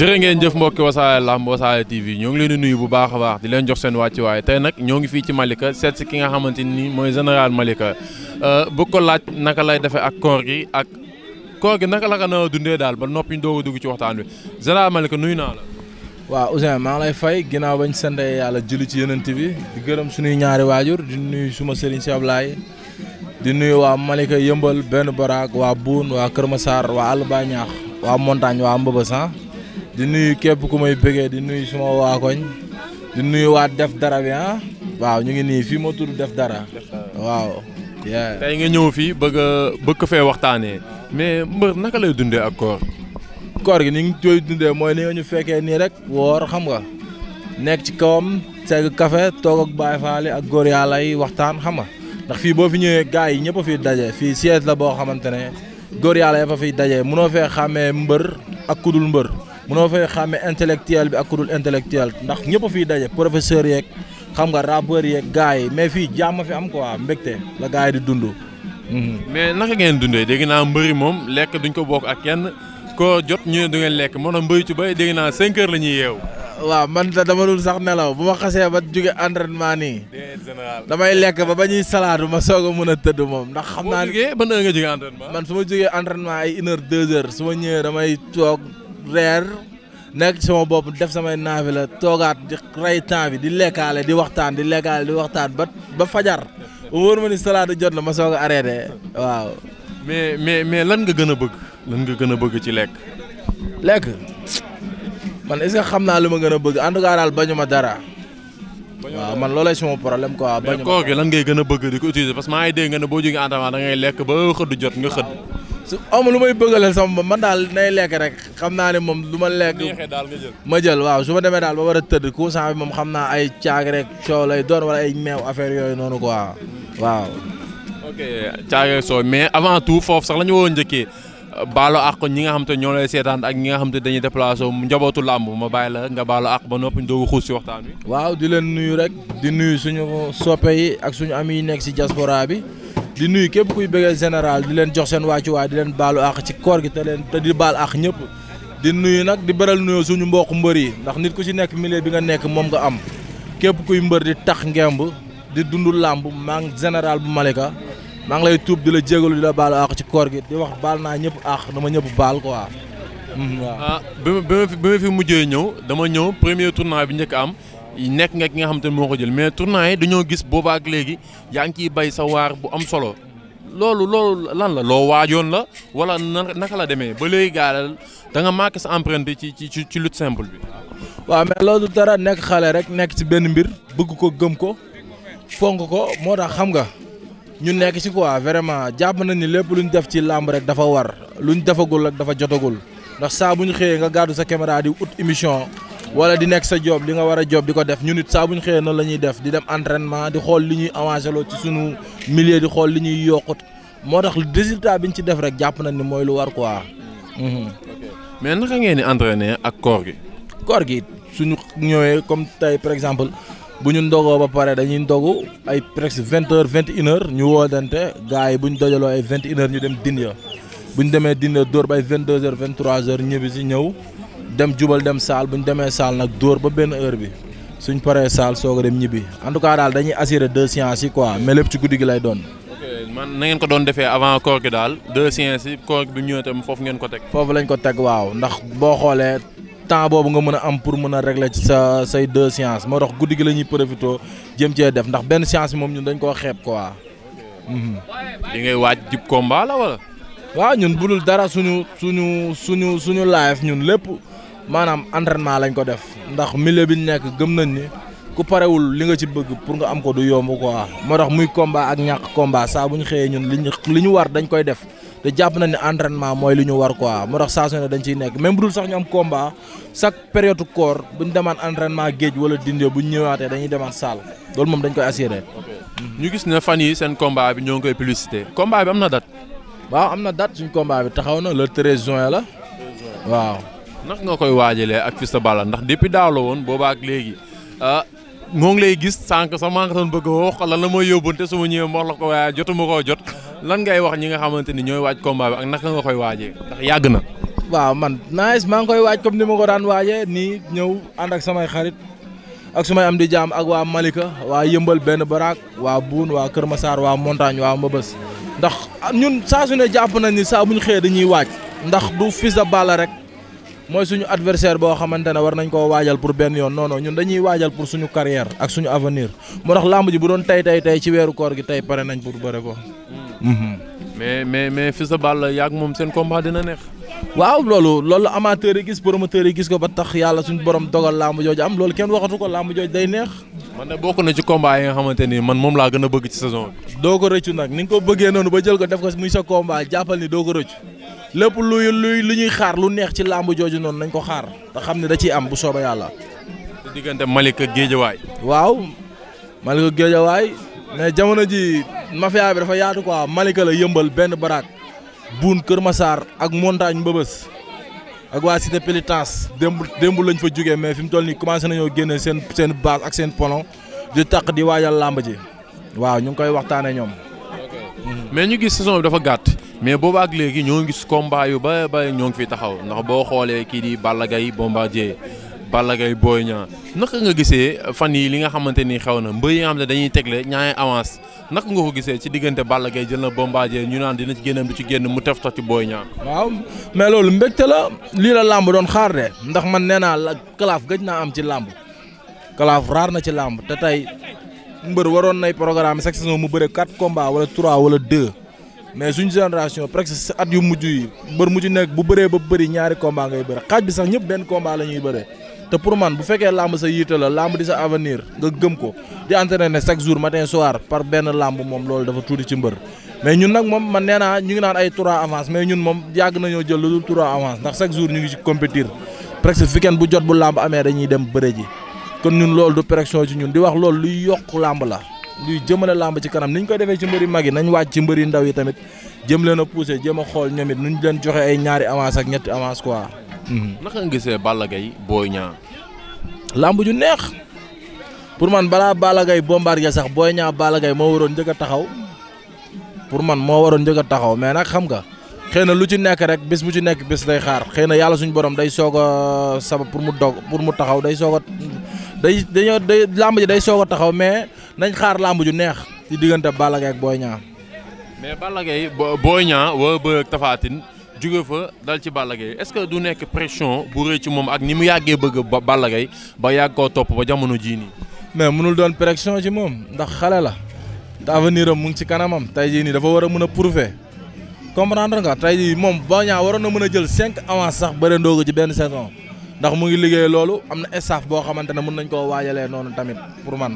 jërë ngeen jëf mbokki wasaare lamb wasaare TV ñoo ngi leen di nuyu bu baax a baax di leen jox seen wàccuwaay tey nag ñoo ngi fii ci Malika seet si ki nga xamante ni mooy général Malika euh, bu ko laaj naka lay defee ak koor gi ak koor naka la ko na dundee daal ba noppi doog a dugg ci waxtaan wi général Malika nuyu naa la. waaw Ousseyn maa ngi lay fay ginnaaw bañ sant yàlla julli ci yeneen bi di gërëm suñuy ñaari waajur di nuyu suma sëriñ si Ablaye di nuyu waa Malika yëmbal benn baraak waa Boune waa Kër Massar waa Alba Niakh waa Montagne waa Mbëbësan ah. di nuyu képp ku may bëggee di nuyu suma waa koñ di nuyu waa def dara bi ah waaw ñu ngi nii fii ma tudd def dara waaw. tey nga ñëw fii bëgg a bëgg fee waxtaanee mais mbër naka lay dundee ak koor. koor gi ni ngi koy dundee mooy ni nga ñu fekkee nii rek woor xam nga nekk ci kawam segg kafe toog ak Baay Faal ak góor yàlla yi waxtaan xam nga ndax fii boo fi ñëwee gars yi ñëpp a fiy daje fii siège la boo xamante ne góor yàlla yëpp a fiy daje mënoo fee xàmmee mbër ak kudul mbër. mënoo fay xàmme intellectuel bi ak ku dul intellectuel ndax ñëpp fiy daje professeur yeeg xam nga rappeur yeeg gars yi mais fii jàmm fi am quoi mbégte la gars yi di dund. Mhm. mais naka ngeen dundee dégg naa mbëri moom lekk duñ ko bokk ak kenn ko jot ñu ne du ngeen lekk moo a mbëri ci bay dégg naa 5 heures la ñuy yeew. waaw man da dama dul sax nelaw bu ma xasee ba jóge entraînement nii. damay lekk ba ba ñuy salaatu ma soog a mën a tëdd moom ndax. xam naa ne boo jógee ban heure nga man su ma jógee entraînement ay une heure su ma ñëwee damay toog. reer nekk ci bopp def samay naafi la toogaat di rey temps bi di lekkaale di waxtaan di lekkaale di waxtaan ba ba fajar wóor ma ni salaatu jot na ma soog a arrêté waaw. mais mais mais lan nga gën a bëgg. lan nga gën a bëgg ci lekk. lekk man est xam naa lu ma gën a bëgg en tout cas daal bañu dara. waaw man loolay suma problème quoi. bañu ma mais lan ngay gën a bëgg di ko utiliser parce que maa ngi dégg boo jógee entraînement da ngay lekk ba xëdd jot nga xëdd. su am lu may bëggaleel sama man daal nay lekk rek xam naa ne moom lu ma lekk ma jël waaw su ma demee daal ba war a tëdd courant bi moom xam naa ay caag rek coow lay doon wala ay meew affaire yooyu noonu ko waaw. ok caag ak soow mais avant tout foofu sax la ñu woon njëkkee baalo àq ñi nga xam te ñoo lay seetaan ak ñi nga xam te dañuy déplacé mu njabootu làmb ma bàyyi la nga baalo àq ba noppi doogu xuus si waxtaan wi. waaw di leen nuyu rek di nuyu suñu soppe ak suñu am yi nekk si diaspora bi. di nuyu képp kuy bëggee général di leen jox seen wàccuwaay di leen baalu àq ci koor gi te leen te di baal àq ñëpp di nuyu nag di bëral nuyoo suñu mbokk mbër yi ndax nit ku ci nekk milieu bi nga nekk moom nga am képp kuy mbër di tax ngemb di dund làmb maa ngi général bu Malika maa ngi lay tuub di la jégalu di la baalu àq ci koor gi di wax baal naa ñëpp àq dama ñëpp baal quoi. Hmm, waaw ah bi ma fi mujjee ñëw dama ñëw premier tournoi bi njëkk am. nekk nga ki nga xam te ne moo ko jël mais tournant yi dañoo gis boobaak léegi yaa ngi ciy bay sa waar bu am solo loolu loolu lan la loo waajoon la wala naka la demee ba léegi gaaral danga nga marqué sa empreinte ci ci ci lutte simple bi. waaw mais loolu dara nekk xale rek nekk ci benn mbir bëgg ko gëm ko fonk ko moo tax xam nga ñu nekk ci quoi vraiment jàpp na ni lépp lu ñu def ci làmb rek dafa war lu ñu defagul ak dafa jotagul ndax saa bu ñu xëyee nga gàddu sa caméra di émission. wala di nekk sa job li nga war a job di ko def ñun it saa bu ñu xëyee noonu la ñuy def di dem entraînement di xool li ñuy avancé loo ci sunu milieu di xool li ñuy yokkut moo tax résultat bi ñu ci def rek jàpp nañ ni mooy lu war quoi. Mhm. mais naka ngeen di entraîner ak koor gi. koor gi suñu ñëwee comme tey par exemple bu ñu ndogoo ba pare dañuy ndogu ay presque vingt heures vingt une heures ñu woodante gars yi bu ñu dojaloo ay vingt une ñu dem Dindia bu ñu demee Dindia dóor ba ay vingt deux heures vingt trois heures ñibbi si ñëw. dem jubal dem saal bu ñu demee saal nag dóor ba benn heure bi suñ paree saal soog a dem ñibbi en tout cas daal dañuy assurer deux séances yi quoi mais lépp ci guddi gi lay doon. man ko doon defee avant koor gi daal deux séances yi koor bi foofu ngeen ko teg. foofu lañ ko teg waaw ndax boo xoolee temps boobu nga mën a am pour mën a régler ci sa say deux séances moo guddi gi la ñuy profité jëm cee def ndax benn séance moom ñun dañ ko xeeb quoi. Mhm. li ngay waaj jub combat la wala. waaw ñun budul dara suñu suñu suñu suñu live ñun lépp. maanaam entraînement lañ ko def ndax milieu bi ñu nekk gëm nañ ni ku parewul li nga ci bëgg pour nga am ko du yomb quoi moo tax muy combat ak ñàkk combat saa bu ñu xëyee ñun li ñu li ñu war dañ koy def te jàpp na ne entraînement mooy li ñu war quoi moo tax saa su ne dañ ciy nekk même bu dul sax ñu am combat chaque période koor bu ñu demaan entraînement géej wala dindee bu ñu ñëwaatee dañuy demaat salle loolu moom dañ koy assuré. ñu gis ne fan yi seen combat bi ñoo ngi koy publicité. combat am na date. waaw am na date suñ combat bi taxaw na le 13 juin la. waaw. ndax nga koy waajalee ak Fils bala ndax depuis daaw la woon boobaa ak léegi ah moo ngi lay gis sànq sa maa ngi bëgg a wax lan la mooy yóbbante su ma ñëwee ma la ko waaye jotuma koo jot lan ngay wax ñi nga xamante ni ñooy waaj combat bi ak naka nga koy waajee ndax yàgg na. waaw man nice maa ngi koy waaj comme ni ma ko daan waajee nii ñëw ànd ak samay xarit ak su sumay am di jaam ak waa Malika waa Yëmbal benn baraak waa Buun waa Kër Masaar waa Montagne waa Mbëbës ndax ah, ñun saa ne jàpp nañ ni saa bu ñu xëyee dañuy waaj ndax du Fils de Balla rek mooy suñu adversaire boo xamante ne war nañ koo waajal pour benn yoon non non ñun dañuy waajal pour suñu carrière ak suñu avenir moo tax làmb ji bu doon tey tey tey ci weeru koor gi tey pare nañ pour bëre ko. Mm. mais mais mais sa de Balla yàgg moom seen combat dina neex. waaw loolu loolu amateur yi gis promoteur yi gis ko ba tax yàlla suñu borom dogal làmb jooju am loolu kenn waxatu ko làmb jooju day neex. man de bokk na ci combat yi nga xamante ni man moom laa gën a bëgg ci saison bi. doo ko rëccu ko bëggee noonu jël ko def ko muy sa combat jàppal ni lépp luy luy lu ñuy xaar lu neex ci làmb jooju noonu nañ ko xaar te xam ne da ciy am bu sooba yàlla. di diggante Malick Géejawaay. waaw Malick ak Géejawaay mais jamono ji mafia bi dafa yaatu quoi malika la yëmbal benn baraat buun Kër Massar ak montagne mbëbës ak waa cité Pélitance démb démb lañ fa jugee mais fi mu toll nii commencé nañoo génne seen seen base ak seen pono di taq di waajal làmb ji waaw ñu ngi koy waxtaanee ñoom. mais ñu gis saison bi dafa gàtt mais boobu ak léegi ñoo gis combat yu ba ba ñoo ngi fi taxaw ndax boo xoolee kii di Balla Gaye Bombardier Balla Gaye Boy Niang naka nga gisee fan yi li nga xamante ni xew na mbër yi nga xam ne dañuy tegle ñaari avance naka nga ko gisee ci diggante Balla jël na Bombardier ñu naan dina ci génn du ci génn mu tef tax ci Boy Niang waaw mais loolu mbégte la lii la làmb doon xaar de ndax man nee naa la kalaaf gëj naa am ci làmb na ci làmb mbër waroon nay programme chaque saison mu bëre quatre combats wala trois wala deux mais suñu génération presque at yu mujj yi mbër mujj nekk bu bëree ba bëri ñaari combat ngay bëre xaaj bi sax ñëpp benn combat la ñuy bëree te pour man bu fekkee làmb sa yiite la làmb di sa avenir nga gëm ko di entraîné chaque jour matin soir par benn làmb moom loolu dafa tuuti ci mbër mais ñun nag moom man nee naa ñu ngi naan ay trois avance mais ñun moom yàgg nañoo jël lu dul trois avance ndax jour ñu ngi ci compétir presque weekend bu jot bu làmb amee dañuy dem bëre ji kon ñun loolu du pression ci ñun di wax loolu luy yokk làmb la luy jëmale làmb ci kanam ni ñu koy defee ci mbëri mag yi nañ wàcc ci mbëri ndaw yi tamit jëm leen a poussé jëm a xool ñoom it nu ñu leen joxe ay ñaari avance ak ñetti avance quoi. Mhm. naka nga gisee Balla Gaye Boy Niang. làmb ju neex pour man balaa Balla Gaye Bombardier sax booy Niang Balla Gaye moo waroon njëkk a taxaw pour man moo waroon njëkk a taxaw mais nag xam nga. xëy na lu ci nekk rek bis mu ci nekk bés day xaar xëy na yàlla suñu borom day soog a sabab pour mu dog pour mu taxaw day soog a day dañoo day làmb ji day soog a taxaw mais nañ xaar làmb ju neex ci diggante Balla Gaye ak Boy Niang. mais Balla Gaye Boy Niang wala bëre ak Tapha Tine fa dal ci Balla Gaye est-ce que du nekk pression bu rëy ci moom ak ni mu yàggee bëgg ba Balla Gaye ba yàgg koo topp ba jamono jii nii. mais mënul doon pression ci moom ndax xale la te avenir mu ngi ci kanamam tey jii nii dafa war a mën a prouver comprendre nga tey jii moom Boy Niang waroon na mën a jël cinq avance sax bëre ndoogu ci benn saison. ndax mu ngi liggéey loolu am na staff boo xamante ne mën nañ koo waajalee noonu tamit pour man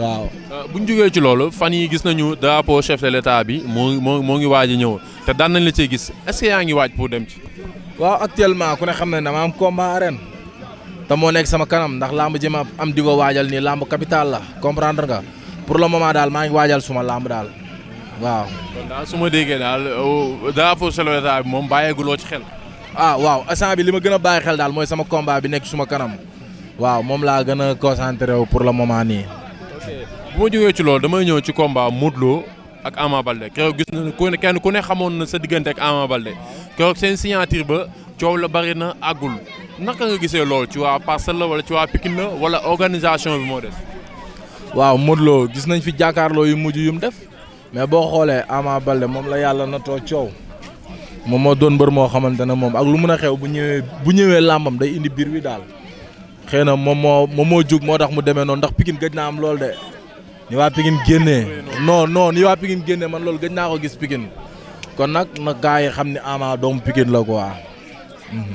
waaw. Euh, bu ñu jógee ci loolu fan yi gis nañu drapeau chef de l'état bi moo moo moo ngi waaj a ñëw te daan nañ la cee gis est yaa ngi waaj pour dem ci. waaw actuellement ku ne xam ne dama am combat arène te moo nekk sama kanam ndax lamb ji ma am di ko waajal nii làmb capital la comprendre nga pour la moment daal maa ngi waajal suma lamb daal waaw. daal su ma déggee daal euh, drapeau chef de l'état moom bàyyeeguloo ci xel. ah waaw instant bi li ma gën a bàyyi xel daal mooy sama combat bi nekk suma kanam waaw moom laa gën a concentré wu pour la moment nii. ok bu ma jógee ci lool damay ñëw ci combat Modou ak Ama Balde keroog gis nañu ku ne kenn ku ne xamoon na sa diggante ak Ama Balde keroog seen signature ba coow la bari na àggul naka nga gisee lool ci waa Parcelles la wala ci waa Pikine la wala organisation bi moo des. waaw Modou gis nañ fi jàkkaarloo yu mujj yu mu def mais boo xoolee Ama Balde moom la yàlla na too coow. moom moo doon mbër moo xamante ne moom ak lu mun a xew bu ñëwee bu ñëwee làmbam day indi biir wi daal xëy na moom moo moom moo jug moo tax mu demee noonu ndax Pikine gëj naa am loolu de ni waa Pikine génnee non non ni waa Pikine génnee man loolu gëj naa ko gis Pikine kon nag na gars yi xam ne Ama doomu Pikine la quoi. Mhm.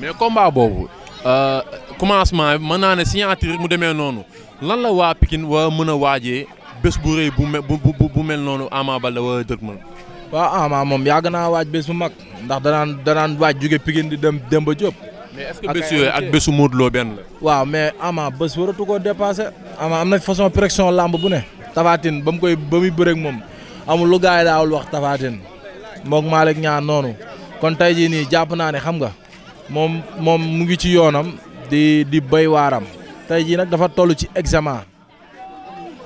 mais combat boobu euh, commencement mën naa ne signature mu demee noonu lan la waa Pikine war mën a waaje bés bu rëy bu bu bu mel noonu Ama Baldé war a dëgmal waaw Ama ah, moom yàgg naa waaj bés bu mag ndax danaan danaan waaj jóge Pikine di dem Demba Diop. mais est-ce bés yooyu ak bésu Modou Lo benn la. waaw mais Ama bés waratu koo dépassé. Ama am na façon pression làmb bu ne. Tafatine ba mu koy ba muy bëreeg moom amul lu gars yi daawul wax Tafatine moog Malick ñaan noonu kon tey jii nii jàpp naa ne xam nga moom moom mu ngi ci yoonam di di béy waaram tey jii nag dafa toll ci examen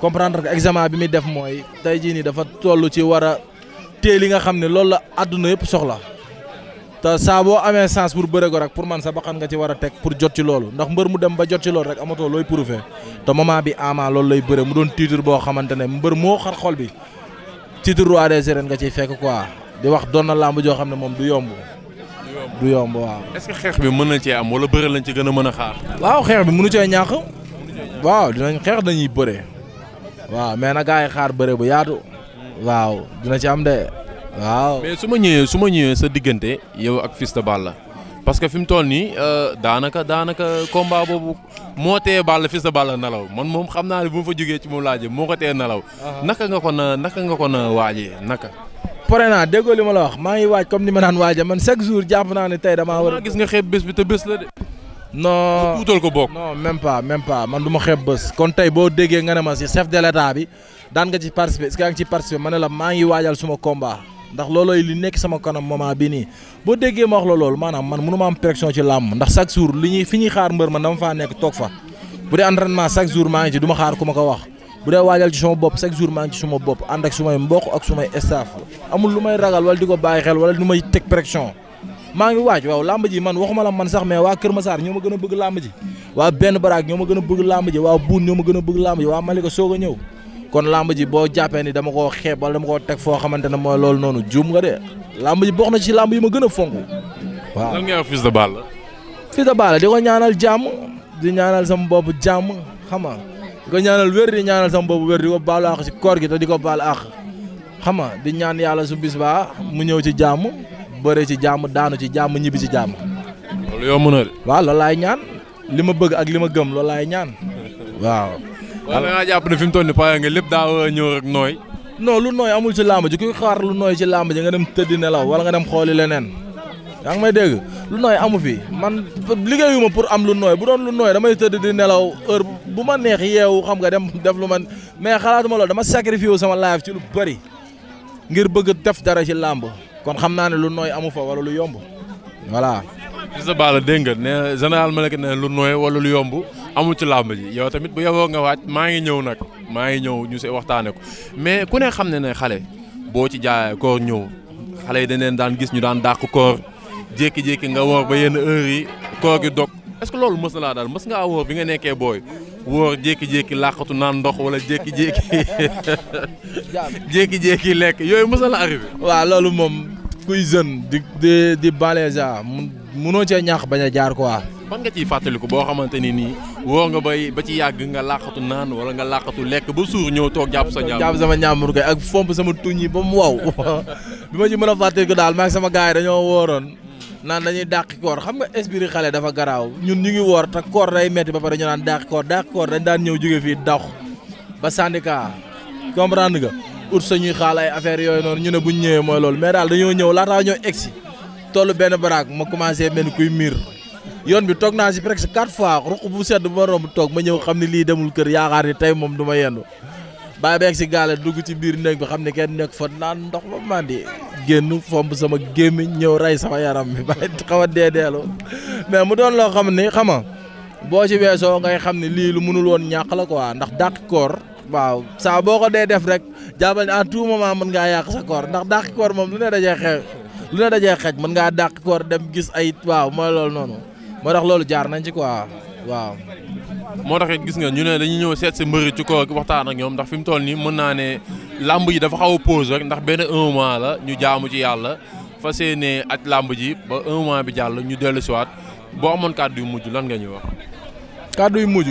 comprendre que examen bi muy def mooy tey jii nii dafa toll ci war a. ittee li nga xam ne loolu la àdduna yëpp soxla te saa boo amee sens pour bëre ko rek pour man sa baxan nga ci war a teg pour jot ci loolu ndax mbër mu dem ba jot ci loolu rek amatoo looy prouvé te moment bi ama loolu lay bëre mu doon titre boo xamante ne mbër moo xar xol bi titre roi des arènes nga ciy fekk quoi di wax doon na làmb joo xam ne moom du yomb. du yomb waaw. est-ce xeex bi mën na cee am wala bëre lañ ci gën a mën a xaar. waaw xeex bi mënu cee ñàkk. waaw dinañ xeex dañuy bëre. waaw dina ci am de waaw. mais su ma ñëwee su ma ñëwee sa diggante yow ak Fils de la parce que fi mu toll nii euh, daanaka daanaka combat boobu moo tee Balla Fils de Balla nalaw man moom xam naa ne bu ma fa jógee ci moom laajee moo ko tee nelaw uh-huh. naka nga ko na naka nga ko na waajee naka. pare naa déggoo li ma la wax maa ngi waaj comme ni ma naan waaja man chaque jour jàpp naa ne tey damaa war a. gis nga xeeb bés bi te bés la de. no tuutal ko bokk. non même pas même pas man du ma xeeb bés. kon tey boo déggee ne ma si chef de bi daan nga ci participer est-ce que ci participer ma ne la maa ngi waajal suma combat ndax loolooy li nekk sama kanam moment bi nii boo déggee ma wax la loolu maanaam man mënu ma am pression ci làmb ndax chaque jour li ñuy fi ñuy xaar mbër man dama faa nekk toog fa bu dee entraînement chaque jour maa ngi ci du xaar ku ma ko wax bu dee waajal ci suma bopp chaque jour maa ngi ci suma bopp ànd ak sumay mbokk ak sumay staff amul lu may ragal wala di ko bàyyi xel wala lu may teg pression maa ngi waaj waaw làmb ji man waxuma la man sax mais waa Kër Massar ñoo ma bëgg làmb ji waa benn baraag ñoo ma gën a bëgg làmb ji ma gën a bëgg làmb ji waa a ñëw kon làmb ji boo jàppee ni dama ko xeeb wala dama ko teg foo xamante ne mooy loolu noonu juum nga de làmb ji bokk na ci làmb yi ma gën a fonk waaw lan ngay wax Fils de Balla. Fils de Balla di ko ñaanal jàmm di ñaanal sama bopp jàmm xam nga di ko ñaanal wér di ñaanal sama bopp wér di ko baalu àq ci koor gi te di ko baal àq xam nga di ñaan yàlla su bis baa mu ñëw ci jàmm bëre ci jàmm daanu ci jàmm ñibbi ci jàmm. loolu yomb na de. waaw loolu laay ñaan li ma bëgg ak li ma gëm loolu laay ñaan waaw da ngaa jàpp ne fi mu toll nii pare nga lépp daa war a ñëw rek nooy. non lu nooy amul ci làmb ji kuy lu nooy ci làmb ji nga dem tëddi nelaw wala nga dem xooli leneen yaa ngi may dégg lu nooy amu fi man liggéeyuma pour am lu nooy bu doon lu nooy damay tëdd di nelaw heure bu ma neex yeewu xam nga dem def lu ma mais xalaatuma loolu dama sacrifié sama life ci lu bëri ngir bëgg def dara ci làmb kon xam naa ne lu nooy amu fa wala lu yomb voilà. Fils dégg nga ne général Malika ne lu nooy wala lu yomb. amul ci làmb ji yow tamit bu yeboo nga waaj maa ngi ñëw nag maa ngi ñëw ñu si waxtaane ko mais ku ne xam ne ne xale boo ci jaayee koor ñëw xale yi dañ leen daan gis ñu daan dàq koor jékki-jékki nga woor ba yenn heure yi koor gi dog est que loolu mës na laa daal mës ngaa woor bi nga nekkee booy wóor jékki-jékki làqatu naan ndox wala jékki-jékki jékki lekk yooyu mës na la arrivé. waaw loolu moom kuy jeune di di di balaise munoo cee ñaax bañ a jaar quoi. ban nga ciy fàttaliku boo xamante ni nii woo nga bay ba ci yàgg nga làqatu naan wala nga làqatu lekk ba suur ñëw toog jàpp sa njàmbur jàpp sama njàmbur kay ak fomp sama tuñ yi ba mu waw bi ma ci mën a fàttaliku daal maa ngi sama gars yi dañoo wooroon naan dañuy dàq koor xam nga esprit xale dafa garaaw ñun ñu ngi woor te koor day metti ba pare ñu naan dàq koor dàq koor dañ daan ñëw jóge fii dox ba syndicat comprendre nga ut sañuy xaal ay affaire yooyu noonu ñu ne buñ ñëwee mooy loolu mais daal dañoo ñëw laataa ñoo egsi tollu benn baraak ma commencé mel kuy miir yoon bi toog naa si presque quatre fois ruq bu sedd ba romb toog ma ñëw xam ne lii demul kër yaakaar ni tey moom du ma yendu bàyyi beeg si gaale dugg ci biir néeg bi xam ne kenn nekk fa naan ndox ba mandi génn fomp sama gémmiñ ñëw rey sama yaram bi bàyyi xaw a deedeelu mais mu doon loo xam ni xam nga boo ci weesoo ngay xam ne lii lu mënul woon ñàkk la quoi ndax dàq koor waaw saa boo ko dee def rek jàppal ne à tout moment mën ngaa yàq sa koor ndax dàq koor moom lu ne dajee xew lu ne xeej mën ngaa dàq koor dem gis ay waaw ma loolu noonu moo tax loolu jaar nañ ci quoi waaw. moo tax gis nga ñu ne dañuy ñëw seet si mbëri ci koor gi waxtaan ak ñoom ndax fi mu toll nii mën naa ne làmb yi dafa xaw a rek ndax benn un mois la ñu jaamu ci yàlla fas yéenee aj làmb ji ba un mois bi jàll ñu dellu si boo amoon kàddu yu mujj lan nga ñuy wax. kàddu yu mujj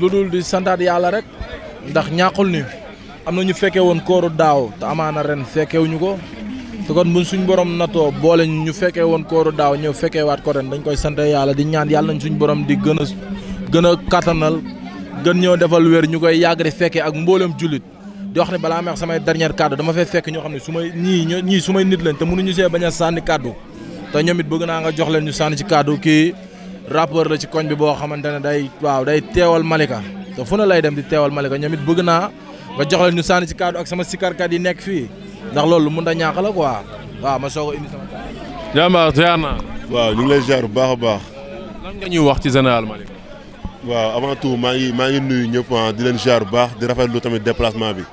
lu dul di santaat yàlla rek ndax ñàkkul ni am na ñu fekkee woon kooru daaw te amaana ren fekkewuñu ko te kon buñ suñ borom natoo boole ñu fekkee woon kooru daaw ñëw fekkee waat ko ren dañ koy sante yàlla di ñaan yàlla nañ suñ borom di gën a gën a kattanal gën ñoo defal wér ñu koy yàgg di fekkee ak mboolem jullit di wax ne balaa may samay dernière kàddu dama fay fekk ñoo xam ne su may ñii ñii su may nit lañ mënuñu see bañ a sànni kàddu te ñoom it bëgg naa nga jox leen ñu sànni ci kàddu kii rappeur la ci koñ bi boo xamante ne day waaw day teewal Malika te fu ne lay dem di teewal Malika ñoom it bëgg naa nga jox leen ñu sànni ci ak sama sikarkat yi nekk fii ndax loolu mën a ñàkk la quoi waaw ma soog a indi sama waaw ñu ngi lay ziar bu baax a baax. lan nga ñuy wax ci général Malick. waaw avant tout maa ngi maa ngi nuyu ñëpp ah, di leen ziar bu baax di rafetlu tamit déplacement bi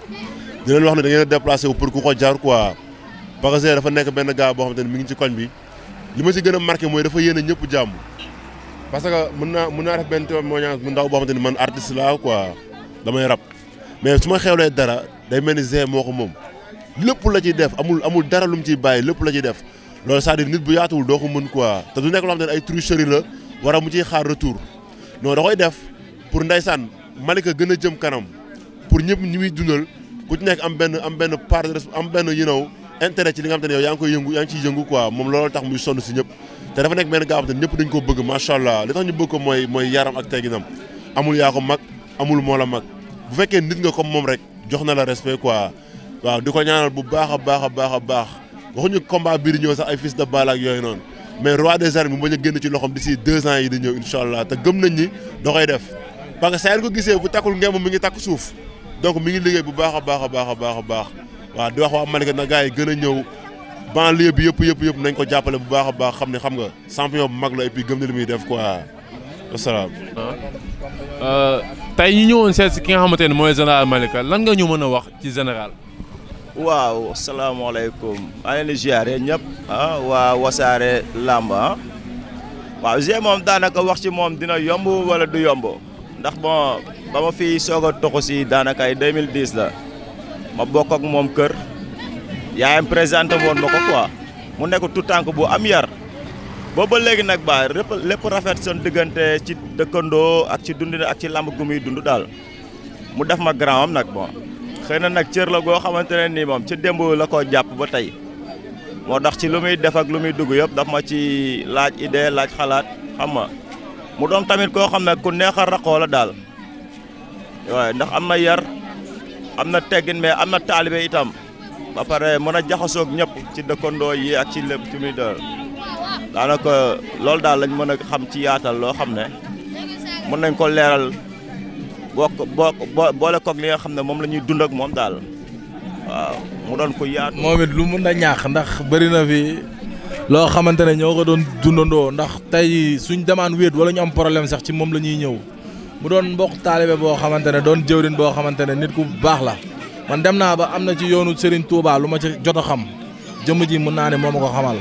di leen wax ne da ngeen a déplacé wu pour ku ko jaar quoi parce que dafa nekk benn gars boo mi ngi ci koñ bi li ma ci gën a marqué mooy dafa yéene ñëpp jàmm parce que mën naa mën naa def benn témoignage bu ndaw boo xam te ne man artiste laa quoi damay rab mais su ma xew xewlee dara day mel ni moo ko moom. lépp la ciy def amul amul dara lu mu ciy bàyyi lépp la ciy def loolu c'est-à-dire nit bu yaatuwul doo ko mën quoi te du nekk loo xam ne ay tricherie la war mu ciy xaar retour noo da koy def pour ndeysaan Malika gën a jëm kanam pour ñëpp ñi muy dundal ku nekk am benn am benn part am benn you know intérêt ci li nga xam te ne yow yaa ngi koy yëngu yaa ngi ciy yëngu quoi moom loolu tax muy sonn si ñëpp te dafa nekk benn gaaw te ñëpp dañ ko bëgg macha allah li tax ñu bëgg ko mooy mooy yaram ak tegginam amul yaa ko mag amul moo mag bu fekkee nit nga comme moom rek jox na la respect quoi waaw di ko ñaanal bu baax a baax a baax a baax waxuñu combat bii di ñëw sax ay fils de Balla ak yooyu noonu mais roi des arènes bi bañ a génn ci loxoom d'ici deux ans yi di ñëw incha allah te gëm nañ ni da koy def parce que saa ko gisee bu takkul ngeen mi ngi takk suuf donc mi ngi liggéey bu baax a baax a baax a baax a baax waaw di wax waa Malika na gars yi gën a ñëw banlieue bi yëpp yëpp yëpp nañ ko jàppale bu baax a baax xam ne xam nga champion bu mag la et puis gëm na muy def quoi wasalaam. Euh, tey ñu ñëwoon seet si ki nga xamante ne mooy général Malika lan nga ñu mën a wax ci général. waaw salaamaaleykum maa ngi leen di ziare ñëpp ah waa wasaare làmb ah waaw G moom daanaka wax ci moom dina yomb wala du yomb ndax bon ba ma fi soog a toxu si daanaka ay 2010 la ma bokk moom kër yaayam présenté woon ma ko quoi mu nekk tu tànk bu am yar booba léegi nag ba lépp rafet soon diggante ci dëkkandoo ak ci dundin ak ci làmb gu muy dund daal mu def ma grand am nag bon. xëy na nag cër la goo xamante ne nii moom ci démb la ko jàpp ba tey moo tax ci lu muy def ak lu muy dugg yëpp daf ma ci laaj idée laaj xalaat xam ma mu doon tamit koo xam ne ku neex a la daal waaye ndax am na yar am na teggin mais am na taalibe itam ba pare mën a jaxasook ñëpp ci dëkkandoo yi ak ci lépp ci muy dal daanaka loolu daal lañ mën a xam ci yaatal loo xam ne mën nañ ko leeral boo boo boole kook li nga xam ne moom la ñuy dund ak moom daal waaw mu doon ko yaatu. moom it lu mun a ñaax ndax bëri na fi loo xamante ne ñoo ko doon dundandoo ndax tey suñ demaan wéet wala ñu am problème sax ci moom la ñuy ñëw mu doon mbokk taalibe boo xamante ne doon jëwrin boo xamante ne nit ku baax la man dem naa ba am na ci yoonu Serigne tuubaa lu ma ci jot a xam jëm ji mën naa ne moom ma ko xamal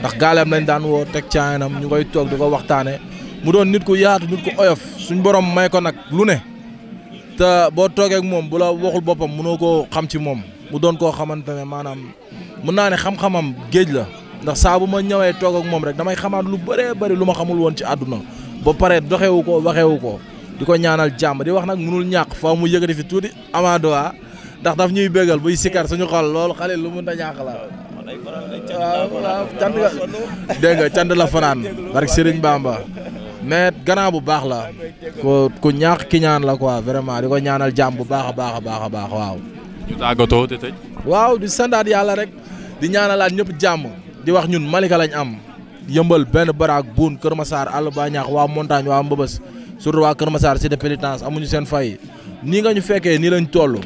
ndax gaaleem lañ daan woo teg caayinam ñu koy toog di ko waxtaane mu doon nit ku yaatu nit ku oyof suñ borom may ko nag lu ne. te boo toogeek moom bu la waxul boppam munoo koo xam ci moom mu doon koo xamante ne maanaam mën naa ne xam-xamam géej la ndax saa bu ma ñëwee toog ak moom rek damay xamaat lu bëree bëri lu ma xamul woon ci àdduna ba pare doxewu ko waxewu ko di ko ñaanal jàmm di wax nag mënul ñàkk faaw mu yëkkati fi tuuti amadoa ndax daf ñuy bégal buy sikkar suñu xol lool xale lu mën a ñàkk la waaw waaw cant la fanaan barke Sëriñ Bamba mais gannaaw bu baax la ku ñaax ki ñaan la quoi vraiment di ko ñaanal jàmm bu baax a baax a baax a baax waaw. ñu tàggatoo te tëj. di sandaat yàlla rek di ñaanalaat ñëpp jàmm di wax ñun Malika lañ am yëmbal benn baraak buun Kër masaar àll ba ñaax waa montagne waa Mbëbës surtout waa Kër Massar cité pénitence amuñu seen fay nii nga ñu fekkee nii lañ toll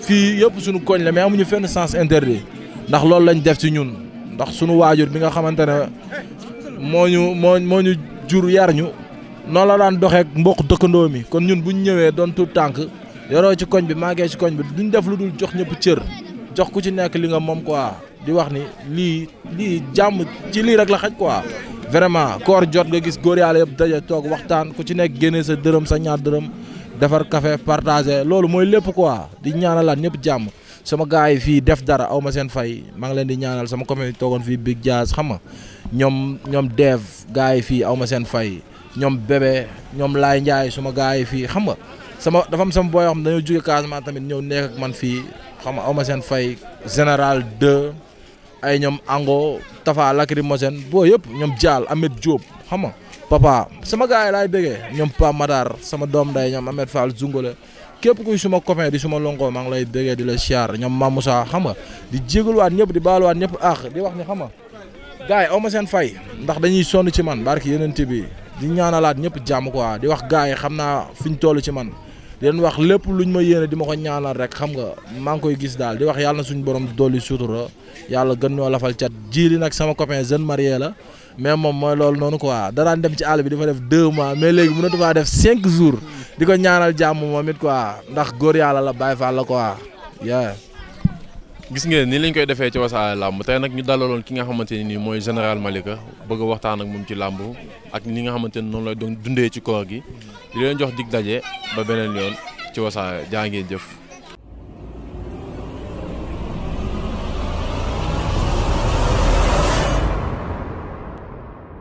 fii yëpp suñu koñ la mais amuñu fenn sens interdit ndax loolu lañ def ci ñun ndax suñu waajur bi nga xamante ne moo ñu moo moo ñu jur yar ñu noonu la daan doxeek mbokk dëkkandoo mi kon ñun bu ñu ñëwee doon tuut tànk yoroo ci koñ bi màggee ci koñ bi duñ def lu dul jox ñëpp cër jox ku ci nekk li nga moom quoi di wax ni lii lii jàmm ci lii rek la xaj quoi. vraiment koor jot nga gis góor yàlla yëpp daje toog waxtaan ku ci nekk génnee sa dërëm sa ñaar dërëm defar café partagé loolu mooy lépp quoi di ñaanalaat ñëpp jàmm sama gars yi fii def dara aw ma seen fay maa ngi leen di ñaanal sama commune toogoon fii Big Jazz xam nga ñoom ñoom dev gars yi fii aw ma seen fay ñoom bébé ñoom laay njaay suma gars yi fii xam nga sama dafa am sama booy yoo xam dañoo jóge Casamance tamit ñëw nekk ak man fii xam nga aw ma seen fay général 2 ay ñoom ango tafa lacrymogène boo yëpp ñoom jaal Amet Diop xam nga papa sama gars yi laay bëggee ñoom Pa Madar sama doom day ñoom Amet Fall Zungale képp kuy suma copain di suma lonko maa ngi lay bëggee di la siyaar ñoom Mamoussa xam nga di jégaluwaat ñëpp di baaluwaat ñëpp aax di wax ni xam nga gars yi ma seen fay ndax dañuy sonn ci man barki yenente bi di ñaanalaat ñëpp jàmm quoi di wax gars yi xam naa fi ñu toll ci man di leen wax lépp lu ñu ma yéene di ma ko ñaanal rek xam nga maa ngi koy gis daal di wax yàlla na suñu borom dolli sutura yàlla gën ñoo lafal cat jiili nag sama copain jeune marié la mais moom mooy loolu noonu quoi daraan dem ci àll bi di fa def deux mois mais léegi mënatu faa def cinq jours di ko ñaanal jàmm moom it quoi ndax góor yàlla la bàyyi la quoi yeah gis ngeen nii lañ koy defee ci wasaare làmb tey nag ñu dalaloon ki nga xamante ne nii mooy général Malika bëgg waxtaan ak moom ci làmb ak ni nga xamante ne noonu lay doon dundee ci koor gi di leen jox dig daje ba beneen yoon ci wasaare jaa ngeen jëf.